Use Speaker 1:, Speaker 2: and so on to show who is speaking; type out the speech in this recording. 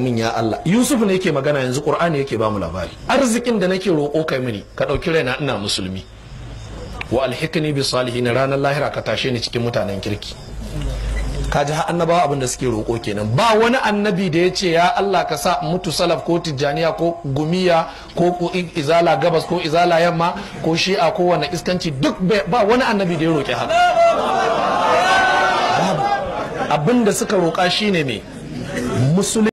Speaker 1: min ya Allah Yusuf ne yake magana yanzu Qur'ani yake ba mu labari arzikin da nake roko kai mini ka ɗauki raina ina musulmi wa alhikni bi salihin ranar lahira ka tashe ni cikin mutanen kirki ka ji har annabawa abin da suke roko kenan ba wani annabi da ya ce ya Allah ka sa mutu salaf ko tijjaniya ko gumiya ko izala gabas ko izala yamma ko shi'a ko wani iskanci duk ba wani annabi da ya roƙi haka abin da suka roƙa shine me musulmi